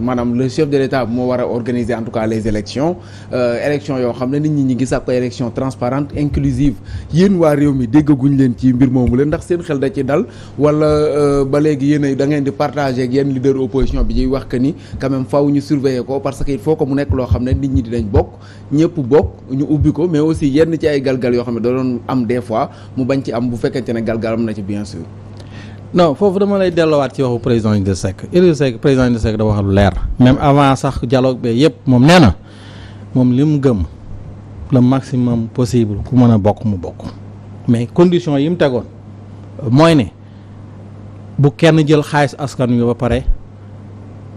maanaam le chef de l'État moo war a organiser en tout cas les élections euh, élections yoo xam ne nit ñi ñi ngi sàkk ay élections transparentes inclusives yéen waa réew mi déggaguñ leen ci mbir moomu leen ndax seen xel da ci dal wala euh, ba léegi yéen da ngeen di partager ak yenn leader opposition bi ñuy wax que ni quand même faaw ñu surveiller ko parce que il faut que mu nekk loo xam ne nit ñi dinañ bokk ñëpp bokk ñu ubbi ko mais aussi yenn ci ay galgal yoo xam ne da doon am des fois mu bañ ci am bu fekkente ne galgal na ci bien sûr non foofu dama lay delluwaat ci waxu président Idrissa Seck Idrissa Seck président Idrissa Seck da wax lu leer même avant sax dialogue bi yëpp moom nee na moom li mu gëm le maximum possible ku mën a bokk mu bokk mais condition yi mu tegoon mooy ne bu kenn jël xaalis askan wi ba pare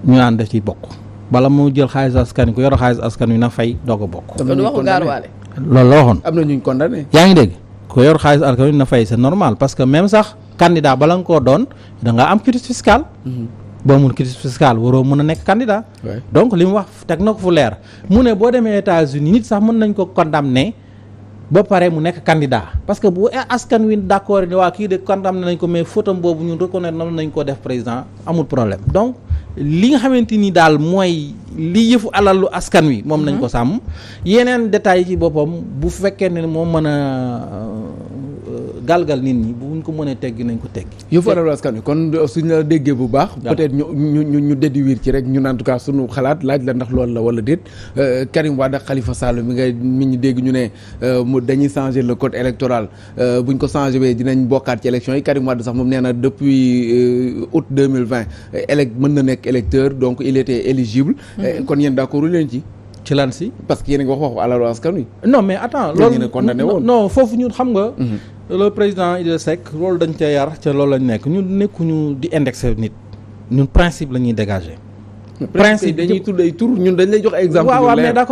ñu naan def ci bokk bala mu jël xaalis askan wi ku yor xaalis askan wi na fay doog bokk. loolu la waxoon am na ñu condamné. yaa ngi dégg ku yor xaalis askan wi na fay sa normal parce que sax. candidat bala nga koo doon da am quitus fiscal. Mhm. boo mun quitus fiscal waroo mun a nekk candidat. donc li mu wax teg na ko fu leer mu ne boo demee États-Unis nit sax mën nañ ko condamné ba pare mu nekk candidat parce que bu askan wi d' accord ni waa kii de condamné nañ ko mais fautam boobu ñun reconnaître nañ ko def président amul problème donc li nga xamante ni daal mooy li yëfu alalu askan wi. moom nañ mhm. ko sàmm yeneen détails yi ci boppam bu fekkee ne moo mën a. galgal nit ñi buñ ko mënee teggi nañ ko teggi la déggee bu baax peut-être mi nga mi ñu ñu euh, ne euh, mu dañuy changer le code électoral euh, buñ ko changé bee dinañ bokkaat ci élection yi Karim Wade sax moom nee na depuis août 2020 élect mën na nekk électeur donc il était éligible mm-hmm. kon yéen d'accord leen ci ci lan si parce que yéen a ngi wax waxu alalu mais attends loolu ñu foofu ñun xam nga mm-hmm. loolu président Idrissa Seck loolu dañ ca yar ca loolu lañ nekk ñun nekkuñu di indexé nit ñun principe la ñuy dégager. principe dañuy tudd ay tur ñun dañ lay jox exemple. a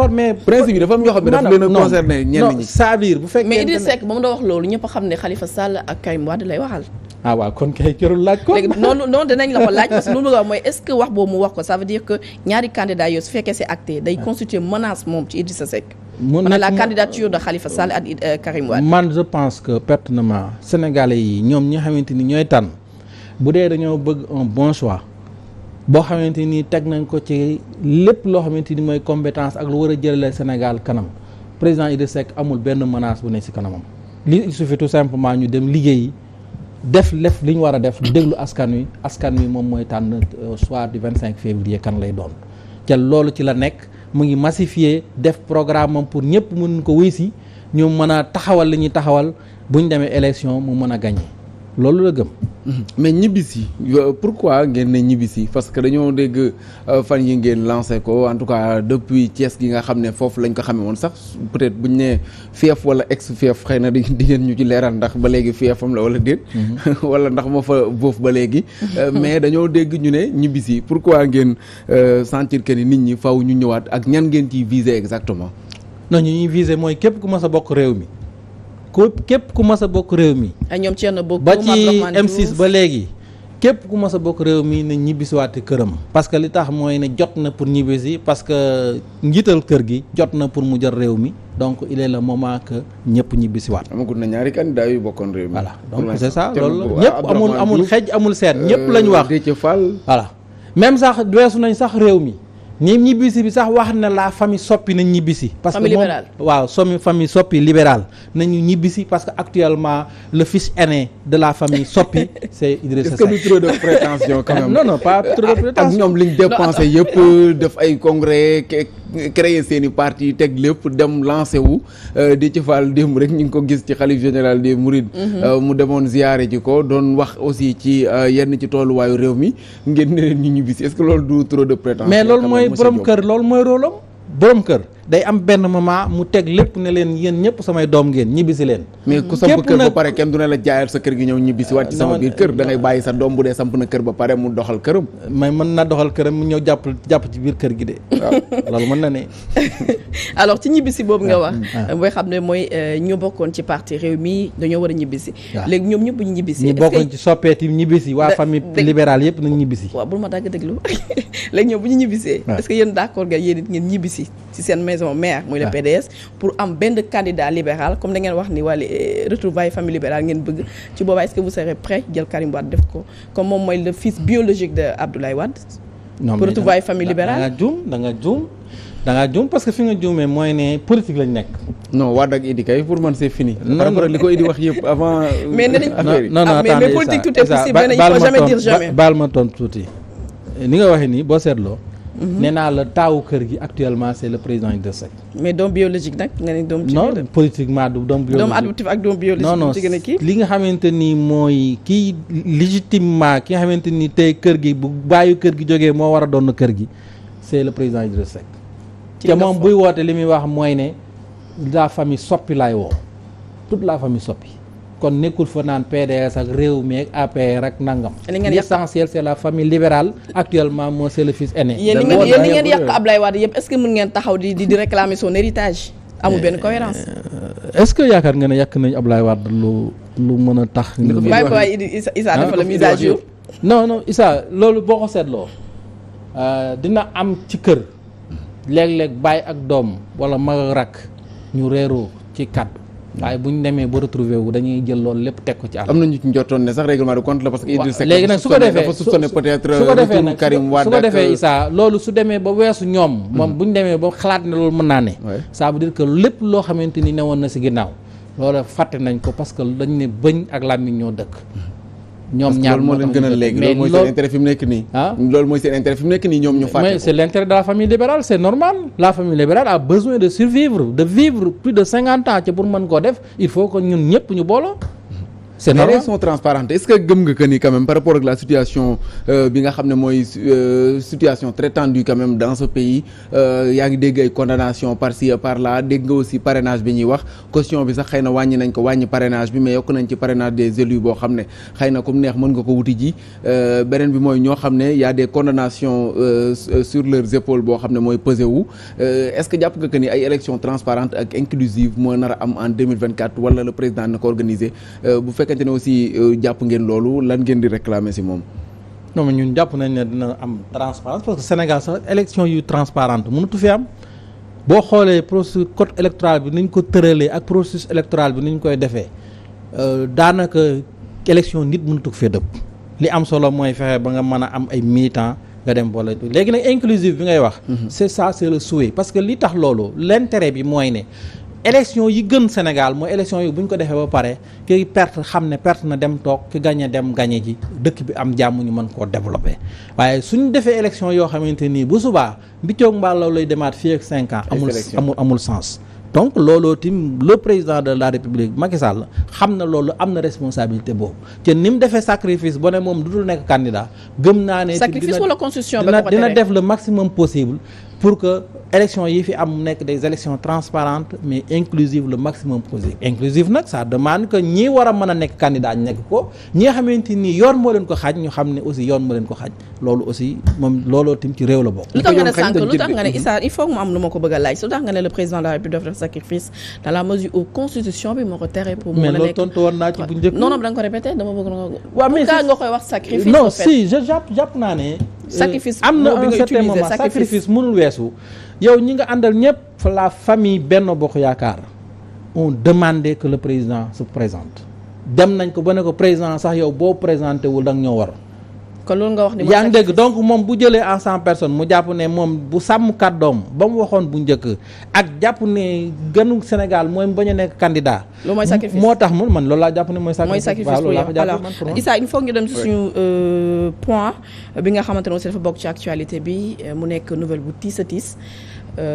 concerné ñenn bu fekkee mais Idrissa Seck ba mu doon wax loolu ñëpp xam ne Khalifa Sall ak Karim Wade lay waxal. ah waaw kon kay jërul laaj ko léegi noonu noonu dinañ la ko laaj parce que lu mu wax mooy est wax boobu mu wax ko ça dire que ñaari candidats yooyu su fekkee c'est acté day ah. constituer menace moom ci Idrissa Seck mën na la candidature de Khalifa Sall ak euh, Karim Wade. man je pense que pertinemment sénégalais yi ñoom ñi xamante ni ñooy tànn bu dee dañoo bëgg un bon choix boo xamante ni teg nañ ko ci lépp loo xamante ni mooy compétence ak lu war a jëlee Sénégal kanam président Idrissa Seck amul benn menace bu ne si kanamam. li il suffit tout simplement ñu dem liggéeyi def lef li ñu war a def déglu askan wi askan wi moom mooy tànn euh, soir du 25 février kan lay doon ca loolu ci la nekk. mu ngi massifier def programme am pour ñëpp mën ko wuy si ñu mën a taxawal li ñuy taxawal bu ñu demee élection mu mën a gagné. loolu la gëm. Mhm. mais ñibbisi euh, quoi ngeen ne ñibbisi parce que dañoo dégg euh, fan yi ngeen lancé ko en tout cas depuis Thiès gi nga xam ne foofu lañ ko xam xamee woon sax peut-être buñ ne fief wala ex fief xëy na di ngeen ñu ci leeral ndax ba léegi fiefam la wala déet. Mhm. wala ndax ma fa boof ba léegi. Mhm. Euh, mais dañoo dégg ñu ne ñibbisi quoi ngeen sentir que ni nit ñi faw ñu ñëwaat ak ñan ngeen ci viser exactement. non ñu ñuy viser mooy képp ku ma a bokk réew mi. ku képp ku mas a bokk réew mi. ñoom Thierno bokk ba ci M6 ba léegi. képp ku mas a bokk réew mi na ñibbisiwaat këram. parce que li tax mooy ne jot na pour ñibbisi parce que njiital kër gi jot na pour mu jël réew mi donc il est le moment que ñëpp ñibbisiwaat. amagul na ñaari candidat yu bokkoon réew mi. voilà donc c'est ça loolu la ñëpp amul amul xej amul seet ñëpp euh, lañ wax. Déthié Fall voilà même sax weesu nañ sax réew mi. ñi ñibbisi bi sax wax na la famille soppi nañ ñibbisi. parce que moom waaw somi famille soppi libérale nañu ñibbisi parce que actuellement le fils aîné de la famille soppi c' est Idrissa Seck. est trop de prétention ah, ak ñoom liñ dépensé yëpp def ay congrès créer seen i parti teg lépp dem lancé wu euh, di ci faal démb rek ñu ngi ko gis ci xalif général des mourides mhm. euh, mu demoon ziyaare ji ko doon wax aussi ci euh, yenn ci tooluwaayu réew mi ngeen ne leen ñu ñibbisi est-ce que loolu du trop de prétention mais loolu mooy borom kër loolu mooy rôle am borom kër day am benn moment mu teg lépp ne leen yéen ñëpp samay doom ngeen ñibbisi leen. mais ku samp kër ba pare kenn kër gi ñëw ñibbisi waat ci sama biir kër da ngay bàyyi sa doom bu dee samp na kër ba pare mu doxal na doxal këram mu ñëw jàpp jàpp ci biir kër gi de. waaw na ne. alors ci ñibbisi boobu nga ah, ah. Euh, booy xam ne mooy euh, ñu bokkoon ci parti réew mi dañoo war a ñibbisi. waaw léegi ñoom ñëpp bu ñu ñibbisi. ñu bokkoon ci soppeeti ñibbisi waa famille libérale yëpp nañ ñibbisi. waaw bul ma dàgg déglu léegi ñoom bu ñu ñibbisee. Ah. est-ce que yéen d'accord nga yéen it ngeen ñibbisi ci seen maison mère muy le ah. PDS pour am benn candidat libéral comme da ngeen wax ni wàllu euh, retrouvailles famille libérale ngeen bëgg ci boobaa est-ce que vous serez prêt jël Karim Wade def ko comme moom mooy le fils biologique de Abdoulaye Wade pour retrouvailles famille libérale da juum da juum parce que fi nga juumee mooy ne politique lañ nekk. non Wade ak Idi pour man c'est fini. non par rapport li ko Idi wax yëpp avant. mais nee euh, nañ non non ah, mais politique tout baal ma tontu tuuti. Mhm. nee naa la taawu kër gi actuellement c' est le président Idrissa Seck. mais doom biologique nag nga ne doom. ci non politiquement du doom biologique. doom adoptif ak doom biologique. non li nga xamante ni mooy kii légitimement ki nga xamante ni tey kër gi bu bàyyi kër gi jógee moo war a doon na kër gi c' est le président Idrissa Seck. te moom buy woote li muy wax mooy ne la famille soppi laay woo toute la famille soppi. kon nekkul fa naan PDS ak réew mi ak APR ak nangam. li ngeen yàq l'essentiel c'est la famille libérale actuellement moo c'est le fils aîné. yéen est-ce que mën ngeen taxaw di di réclamer son héritage. amul benn eh, cohérence. Eh, est-ce que yaakaar nga ne yàq nañu Ablaye Wade lu lu mën a tax. ñu ngi bàyyi ko waaye Issa Issa dafa la ah, mise à Issa loolu boo ko seetloo euh, dina am ci kër léeg-léeg bàyyi ak doom wala mag ak rakk ñu réeroo ci kàddu. waaye bu ñu demee ba retrouver wu dañuy jël loolu lépp teg ko ci am na ñu ci njortoon ne sax règlement de compte la parce que. Idriss Seck léegi nag su ko defee dafa soupçonné peut-être su ko defee euh, Issa loolu su demee ba weesu ñoom. moom bu ñu demee ba xalaat ne loolu mën naa ne. ça veut dire lépp loo xamante ni woon na si ginnaaw. loolu fàtte nañ ko parce que dañ ne bëñ ak làmmiñ ñoo dëkk. ñoom ñaar moo leen gënal léegi loolu mooy seen intérêt fi mu nekk nii ah loolu mooy seen intérêt fi nekk nii ñoom ñu fàtte mais c'est l'intérêt de famille libérale c'est normal la famille libérale a besoin de survivre de vivre plus de cinquante ans ci pour koo def il faut que ñun ñëpp ñu booloo c'est normal les règles sont transparentes est-ce que gëm nga que ni quand par rapport la situation euh, bi nga xam ne mooy euh, situation très tendue quand même dans ce pays euh, yaa ngi dégg ay condamnation par ci par là dégg nga aussi parrainage bi ñuy wax question bi sax xëy na wàññi nañ ko wàññi parrainage bi mais yokk nañ ci parrainage des élus boo xam ne xëy na comme neex mën nga ko wuti ji beneen bi mooy ñoo xam ne yaa a des condamnations sur leurs épaules boo xam ne mooy pesé wu est-ce que jàpp nga que ni ay élections transparentes ak inclusives moo nar a wala le président na ko organiser fekkente ne aussi euh, jàpp ngeen loolu lan ngeen di réclamer ci moom. non ñun jàpp nañ ne dina am transparence parce que Sénégal sax élection yu transparente mënatu fi am boo xoolee processus code électoral bi niñ ko tëralee ak processus électoral bi niñ koy defee euh, daanaka élection nit mënatu ko fee dëpp li am solo mooy fexe ba nga mën a am ay militants nga dem boole léegi nag inclusive bi ngay wax mhm. c'est ça c'est le souhait parce que li tax loolu l'intérêt bi mooy ne élection yi gën Sénégal mooy élection yi bu ñu ko defee ba pare ki perte xam ne perte na dem toog ki gagné dem gagné ji dëkk bi am jàmm ñu mën koo développé waaye suñu defee élection yoo xamante nii bu subaa mbiccoog mbaalaw lay demaat fii ak cinq ans amul amul amul sens donc looloo tim le président de la république Macky Sall xam na loolu am na responsabilité boobu te ni mu defee sacrifice ba ne moom du dul nekk candidat gëm naa ne sacrifice wala constitution dina def le maximum possible pour que élections yi fi am nekk des élections transparentes mais inclusive le maximum possible inclusive nag ça demande que ñi war a mën a nekk candidat nekk ko ñi nga xamante ni yoon moo leen ko xaaj ñu xam ne aussi yoon moo leen ko xaaj loolu aussi moom looloo tim ci réew la bokk. lu tax nga ne sànq mu am lu bi naa ci bu nga ko sacrifice. non euh, am na un certain weesu yow ñi nga àndal ñëpp fa la famille benn Bokk Yaakaar on demande que le président se présente dem nañ ko ba ne ko président sax yow boo présenté wul da ñoo war kon loolu nga wax ni yaa ngi donc moom bu jëlee en cent mu jàpp ne moom bu sàmm kàddoom ba mu waxoon bu njëkk ak jàpp ne gënu Sénégal mooy bañ a nekk candidat. loolu mooy moo tax man man loolu laa jàpp ne mooy. sacrifice waaw loolu laa ko jàpp man pour Issa il faut ñu dem si suñu euh, point bi nga xamante ne aussi dafa bokk ci actualité bi euh, mu nekk nouvelle bu tiis a tiis.